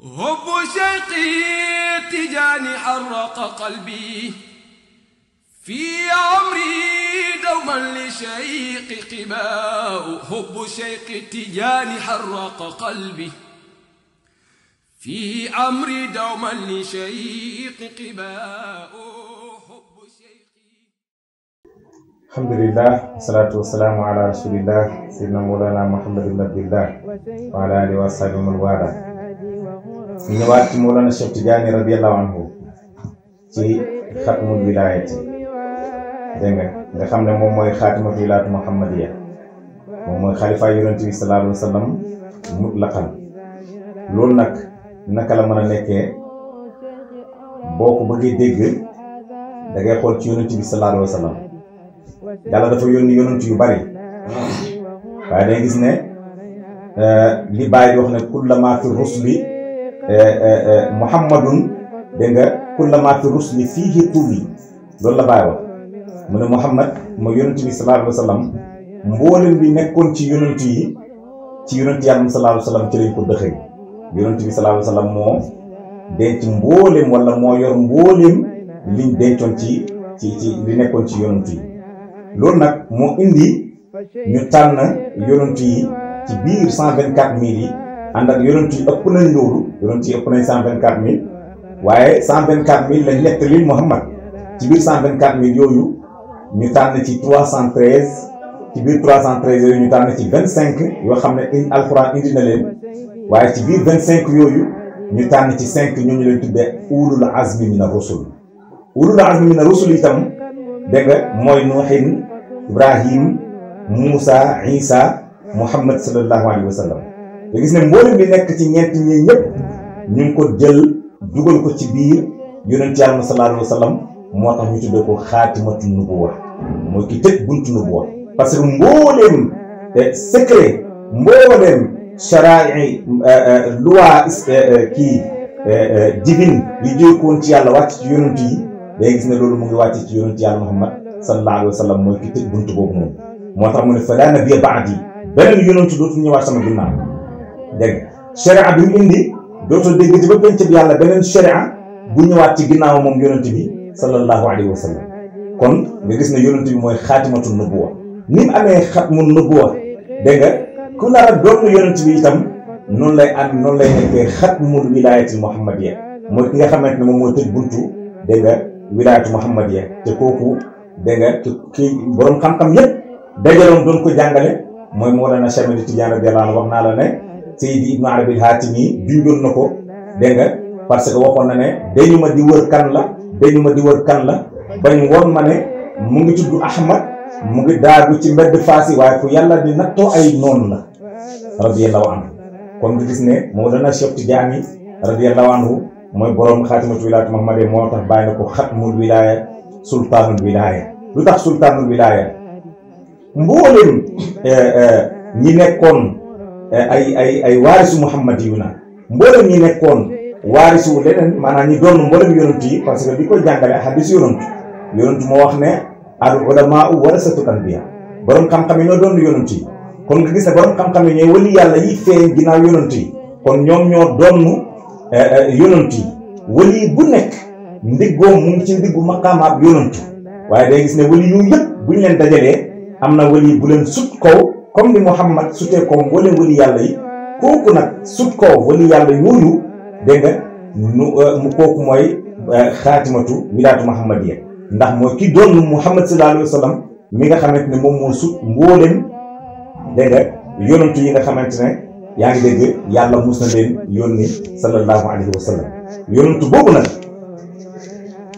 هب شقي تجاني حرق قلبي في عمري دوما لشيق قباء هب شيق تجاني حرق قلبي في عمري دوما لشيق قباء هب شيقي الحمد لله والصلاة والسلام على رسول الله سيدنا مولانا محمد بن عبد الله وعلى آله وصحبه من والاه ñu ñëwaat ci Mawlana Cheikh Tidiane radiyallahu anhu ci xatmul wilaayati dégg nga xam ne moom mooy xaatimatul wilaayati muhammadiya moom mooy xalifa yonent bi sallallahu alayhi wa sallam loolu nag naka la mën a nekkee boo ko bëggee dégg da xool ci yonent bi sallallahu alayhi wa sallam dafa yónni yonent yu bari waaye day gis ne euh, li bàyyi wax ne kullama fi rusli Eh, eh, eh, muhammadun dégg nga kullamaatu rusli fiihi tuubi loolu la bàyyi wax mu ne muhammad mooy yonent bi sallallahu alayhi wa sallam bi nekkoon ci yonent yi ci yonent yàlla sallallahu alayhi wa sallam ci lañ ko dëxëy yonent bi sallallahu alayhi moo denc mboolem wala moo yor mboolem liñ dencoon ci ci ci li nekkoon ci yonent yi loolu nag moo indi ñu tànn yonent yi ci biir cent vingt-quatre mille yi ànd ak yonent yi ëpp nañ loolu yonent yi ëpp nañ waaye cent vingt quatre mille Muhammad ci biir cent vingt quatre mille yooyu ñu tànn ci trois cent treize ci biir trois cent treize ñu tànn ci vingt cinq yoo xam ne in alxuraan indi na leen waaye ci biir vingt cinq yooyu ñu tànn ci cinq ñooñu leen tuddee ulul azmi mina rusul ulul azmi mina rusul itam dégg nga mooy nuuxin ibrahim moussa isa muhammad sallallahu alayhi wa sallam nga gis ne mboolem bi nekk ci ñeenti ñi ñëpp ñu ngi ko jël dugal ko ci biir yonent yàlla sallallahu alayhi wa sallam moo tax ñu tuddee ko xaatimatu nubuwa mooy ki tëj buntu nubuwa parce que mbooleem eh, secret mbooleem sharaai eh, eh, loi kii divine yu jógewoon ci yàlla wàcc ci yonent yi day gis ne loolu mu ngi wàcc ci yonent yàlla muhammad sallallahu alayhi wa sallam mooy ki tëj buntu boobu moom moo tax mu ne fa laa nabiyya ba'di beneen yonent dootu ñëwaat sama ginnaaw dégg sharia bi mu indi dootoo dégg ci ba pencab yàlla beneen sharia bu ñëwaat ci ginnaaw moom yonent bi sallallahu alayhi wa kon nga gis ne yonent bi mooy xaatimatu nubuwa ni mu amee xatmu nubuwa dégg nga ku nar a doon yonent bi itam noonu lay ànd noonu lay nekkee xatmul wilayatil muhammadiya mooy ki nga xamante ne moom moo tëj buntu dégg nga wilayatu muhammadiya te kooku dégg nga kii borom xam-xam yëpp dajaloon doon ko jàngale mooy moo a Seydi Ibn Arabi Haatimi junjoon na ko dégg nga parce que waxoon na ne dañu ma di wër kan la dañu ma di wër kan la bañ woon ma ne mu ngi tudd Ahmad mu ngi daagu ci mbedd Fass yi waaye fu yàlla di nattoo ay noonu la radiyallahu anhu kon nga gis ne moo dana Cheikh Tidiane radiyallahu anhu mooy borom xaatimatu wilaayat Muhammadiyya moo tax bàyyi na ko xatmul wilaaya sultaanul wilaaya lu tax sultaanul wilaaya mboolem eh, eh, ñi nekkoon. Eh, ay ay ay waarisu muhammad yu na mboolem ñi nekkoon waarisu leneen maanaam ñi doon mboolem yonent yi parce que di ko jàngale hadis yonent yonent moo wax ne al ulama bi anbiya borom xam-xam yi ñoo doon yonent yi kon nga gis ne borom xam-xam yi ñooy wali yàlla yi feeñ ginnaaw yonent yi kon ñoom ñoo doon eh, eh, yonent yi wali bu nekk ndiggoom mu ci ndiggu maqaamaab yonent waaye day gis ne wali yu yëpp bu ñu leen dajalee am na comme ni Muhammad sutee ko wala wali yàlla yi kooku nag sut koo wali yàlla yooyu dégg euh, mu kooku mooy euh, xaatimatu wilaatu Muhammad ya ndax mooy ki doon Muhammad mi nga xamante ne moom sut mbooleem dégg yonantu yi nga xamante ne yaa ngi dégg yàlla mus na leen yónni sallallahu alayhi wa sallam yonantu boobu nag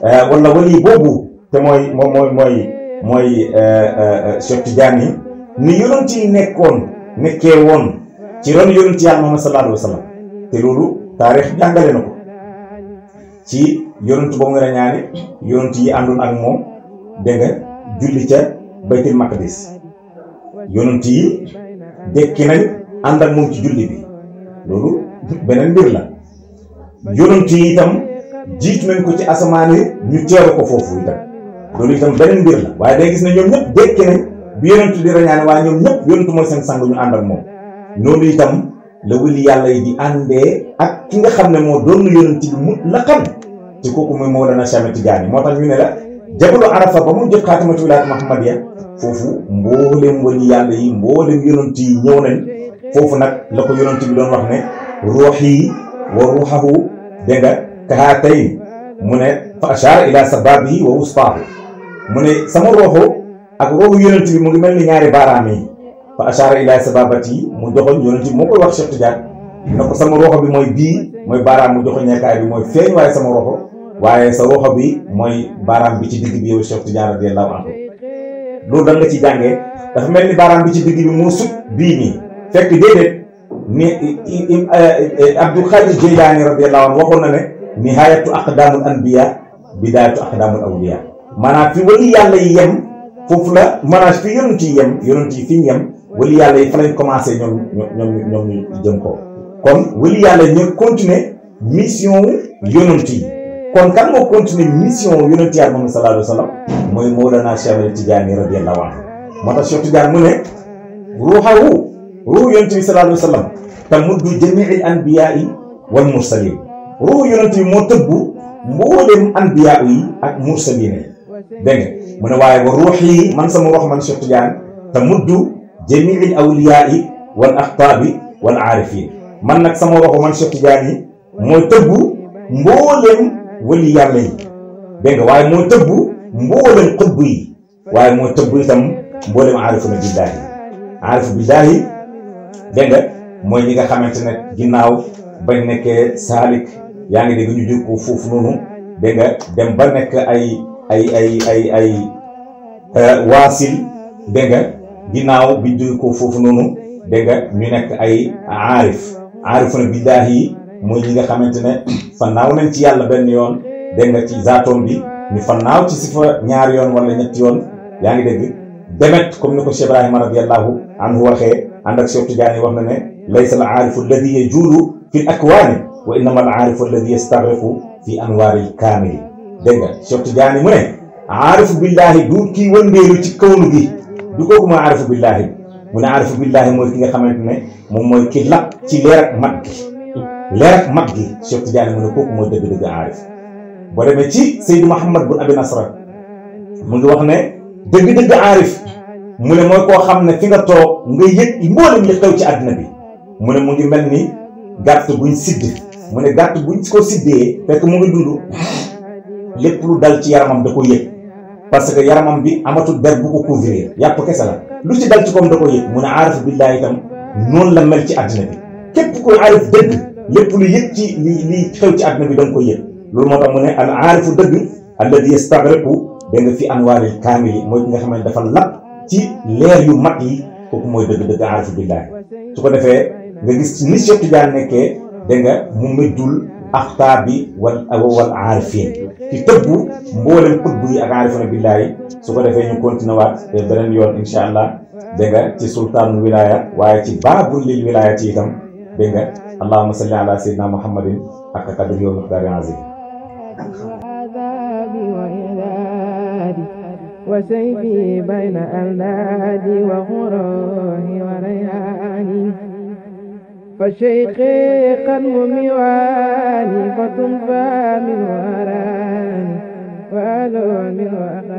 euh, wala wali boobu te mooy mooy mooy mooy Cheikh Tidiane ni yonent yi nekkoon nekkee woon ci ron yonent yàlla Muhammad sallallahu alayhi wa sallam te loolu taarix jàngale na ko ci yonent boobu nga a ñaane yonent yi àndoon ak moom dégg julli ca baytul maqdis yi dekki nañ ànd ak moom ci julli bi loolu beneen mbir la yonent yi itam jiitu nañ ko ci asamaan ñu teeru ko foofu itam loolu itam beneen mbir la waaye day gis ne ñoom ñëpp dekki nañ bi yonent di rañaane waaye ñoom ñëpp yonent seen sang ñu ànd moom noonu itam la wëli yàlla yi di àndee ak ki nga xam ne moo doon yonent bi mu la xam ci kooku mooy Mawlana Cheikh Tidiane moo tax ñu ne la jabalu Arafa ba mu jot xaatimatu wilaayat Muhammadiya foofu mboolem wëli yàlla yi mboolem yonent ñëw nañ foofu nag la ko yonent bi doon wax ne ruux wa ruuxahu dégg nga mu ne fa ashara sababi wa wustaahu mu ne sama roxo ak wo yonenti mo ngi melni ñaari baram yi fa ashara ila sababati mu joxoñ yonenti mo ko wax Cheikh Tidiane nako sama roxo bi moy bi moy baram mu joxoñ ñekkaay bi moy feñ way sama roxo waye sa roxo bi moy baram bi ci digg bi yow Cheikh Tidiane radiyallahu anhu da nga ci jange dafa melni ni bi ci digg bi mo sut bi ni fekk déedéet ni Abdul jilani Jeylaani radiyallahu anhu waxoon na ne nihayatu aqdamul anbiya bidayatu aqdamul awliya fi wali yalla yem foofu la manage fi yonent yi yem yonent yi fi ñu yem wali yàlla yi fa lañ commencé ñoom ñoom ñoom ñu jëm ko kon wali yàlla ñu continuer mission wu yonent yi kon kan moo continuer mission wu yonent yi Muhammad sallallahu alayhi wa sallam mooy Mawlana Cheikh Tidiane radiyallahu anhu moo tax Cheikh Tidiane mu ne ruuxawu ruuxu yonent bi sallallahu alayhi wa sallam tamuddu jamiil anbiyaa yi wal mursaliin ruuxu yonent bi moo tëbbu mboolem anbiyaa yi ak mursaliin yi dégg nga mu ne waaye wa ruuxi man sama wax man Cheikh Tidiane te muddu jamiil awliyaa wal axtaabi wal aarifiin man nag sama waxu man Cheikh Tidiane yi mooy tëggu mbooleem wali yàlla yi dégg nga waaye mooy tëggu mbooleem xutbu yi waaye mooy tëggu itam mbooleem aarifuna billaahi aarifu billaahi dégg nga mooy ñi nga xamante ne ginnaaw bañ nekkee saalik yaa ngi dégg ñu jóg ko foofu noonu dégg nga dem ba nekk ay ay ay ay ay waasil dégg nga ginnaaw bi ñu ko foofu noonu dégg nga ñu nekk ay aarif aarifu na billaahi yi mooy ñi nga xamante ne fannaaw nañ ci yàlla benn yoon dégg nga ci zaatoom bi ñu fannaaw ci sifa ñaari yoon wala ñetti yoon yaa ngi dégg demet comme ni ko Cheikh Ibrahima radiyallahu anhu waxee ànd ak Cheikh Tidiane wax na ne laysa al aarifu alladi yajuulu fi l akwaani wa innama al aarifu alladi yastaghriqu fi anwaari l kaamili dégg nga Cheikh Tidiane mu ne aarifu billaahi du kii wëndeelu ci kawnu gi du kooku mooy aarifu billaahi mu ne aarifu billaahi mooy ki nga xamante ne moom mooy ki lap ci leer ak mat gi leer ak mat gi Cheikh Tidiane mu ne kooku mooy dëgg-dëgg aarif boo demee ci Seydou Mouhamad bun Abi Nasra mu ngi wax ne dëgg-dëgg aarif mu ne mooy koo xam ne fi nga toog nga yëg mboolem li xew ci àddina bi mu ne mu ngi mel ni gàtt buñ sidd mu ne gàtt buñ ko siddee fekk mu lépp lu dal ci yaramam da ko yëg parce que yaramam bi amatu der bu ko couvrir yàpp kese la lu ci dal ci koom da ko yëg mu ne aarif billahi itam noonu la mel ci àddina bi képp ko aarif dëgg lépp lu yëg ci li li xew ci àddina bi da nga koy yëg loolu moo tax mu ne al aarifu dëgg alladi yastaghriqu da nga fi anwaaril kaamil yi mooy ki nga xam ne dafa lap ci leer yu mag yi kooku mooy dëgg-dëgg aarifu billahi su ko defee nga gis ni Cheikh Tidiane nekkee nga mu أخطاب والعارفين كتبوا مولا قدوا يعرفون بالله سوف نفعل كونتنا برن يون إن شاء الله بيغا تي سلطان الولاية وآي تي باب للولاية تيتم بيغا اللهم صل على سيدنا محمد أكتبه يوم مقدار عزيز وسيفي بين أندادي وغرور فشيخي قلم ميواني فتنفى من وراني وألو من وراني